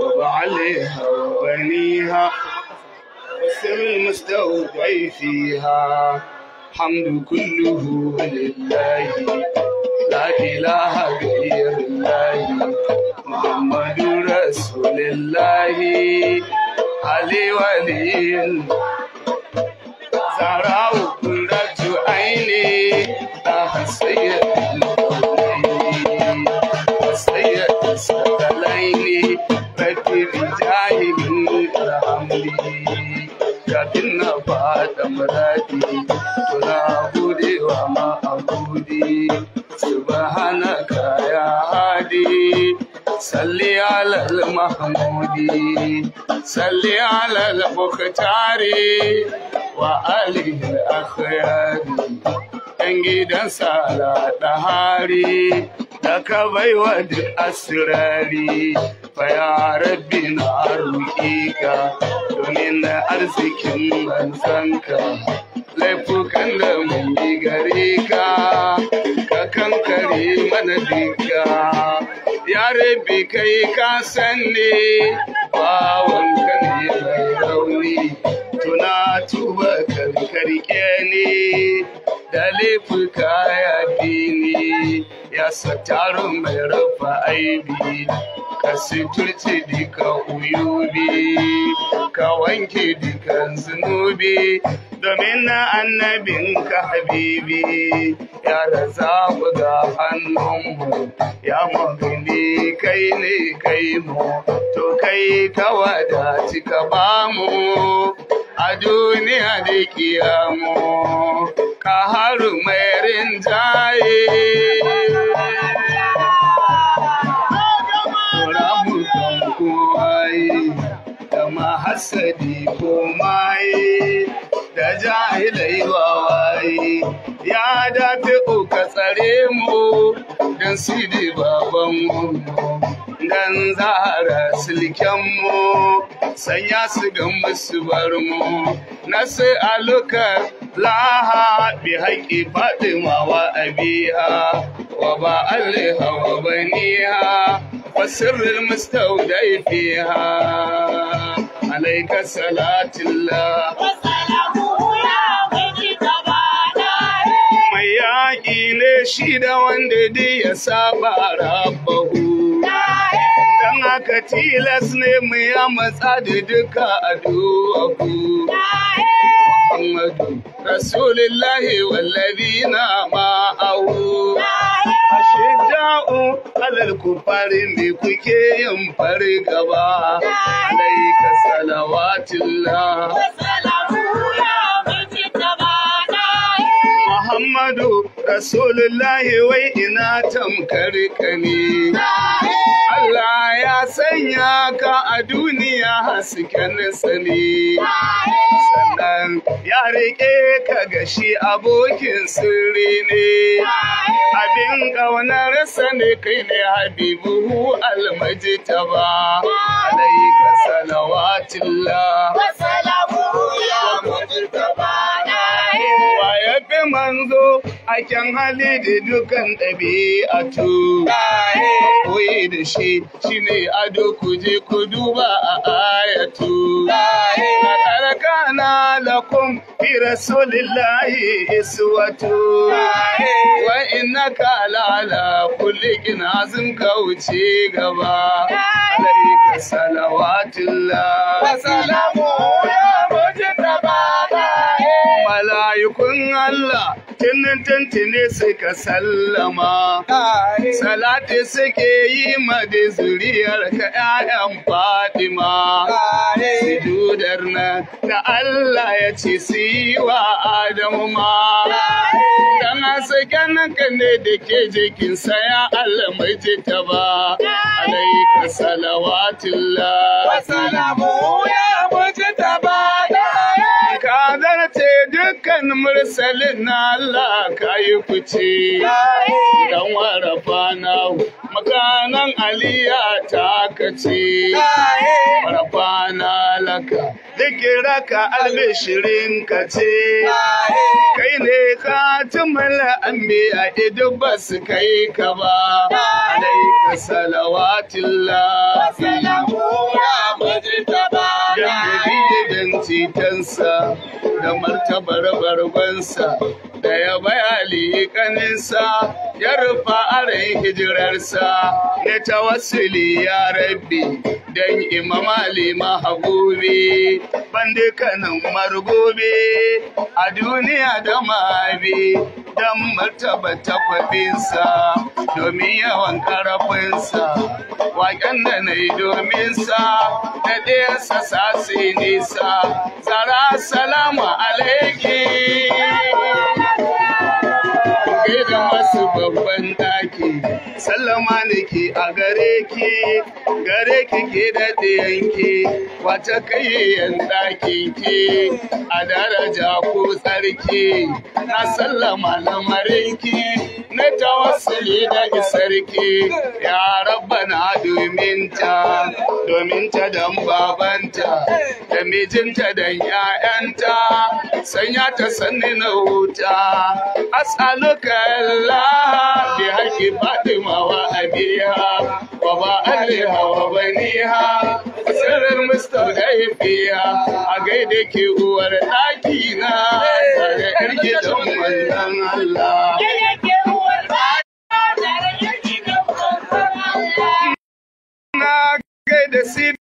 وعليها وبنيها والسر المستودع فيها حمد كله لله لا إله غير الله محمد رسول الله علي ولي زرعوا قرة عيني أحسين Kula muna wa ma'abudi subhanaka ya hadi salli alal mahmudi salli alal mukhtari wa alihi akhyari yan gidan sala da hari da ka baiwa duk asirari faya rabbi na roƙi ka domin na arzikin manzanka yi mana dinka ya kai ka san bawon bawan kan yi rauni tuna tuba kan karke ne da laifin kaya fi ne ya satarun mai rafa aibi ka suturci duka uyubi ka wanke dukan zunubi domin na annabinka habibi ya raza ku ga hannunmu ya magani kai ne kai mu to kai kawada cika ba mu a duniya da kiyamu ka haru mai rinjaye hasadi ko maye da jahilai wawaye ya dafi ka tsare mu don sidi babanmu dan zahara mu sanya su ga musu barmu na sai alukar laha bi haƙi fatima wa abiha wa ba alliha wa baniha wa sirrin mustaudai fiha alaika salatullah Yaƙi ne shi da wanda dai ya saba rabahu. don haka tilas ne mu ya matsa da duka addu'ahu Muhammadu Rasulullahi wallazina ma'ahu Ashidda'u alal kufari ne kuke yin fargaba Alaika salawatullah rasulullahi wai ina tamkar ne. Allah ya sanya ka a duniya hasken sani sannan ya riƙe ka gashi abokin sirri ne abin ƙaunar sani kai ne habibu almajitaba alaika salawatullah a can hali da dukan ɗabi'atu. Koyi da shi shi ne ado ku je ku duba a ayatu. Kana lakum fi rasulillahi iswatu. Wa ka lala kulli ginazin ka wuce gaba. Alaika salawatullah. Wa salamu ya da ba. yi kun Allah tinin tintini suka sallama salati suke yi ma da zuriyar ka ƴaƴan fatima sujudar na da Allah ya ci su yi wa Adamu ma dan hasken ka ne da ke jikin saya Allah mai ta ba alaika salawatullah mursalin na Allah ka yi fice don warafa na makanan aliya ta kace warafa na laka ka albishirin ka ce kai ne katimin anbiya idan ba su kai ka ba alaika salawatillah salamu ya majitaba dan titansa da martabar barbansa da ya bai alikaninsa ya rufa arin hijirarsa na tawassuli ya rabbi don imamali mahabubi ban dukkanin a duniya da mabe dan martaba ta sa, domin yawan karafinsa waƙen da na yi domin sa da ɗayansa sa nisa zara salama alaiki sallama nake a gare ki gare ki ke da yanki wata kayayyan ɗakin ki a daraja ko tsarki na sallama lamarin ki asali sarki ya rabbana domin ta domin ta dan babanta da mijinta dan 'ya'yanta, sanya ta sanni na wuta asaluka Allah bi haki Fatima wa Abiya wa ba Allah wa baniha sirrin mustaudai fiya a gaida ke uwar ɗaki na daga ƴar gidan wannan Allah the seed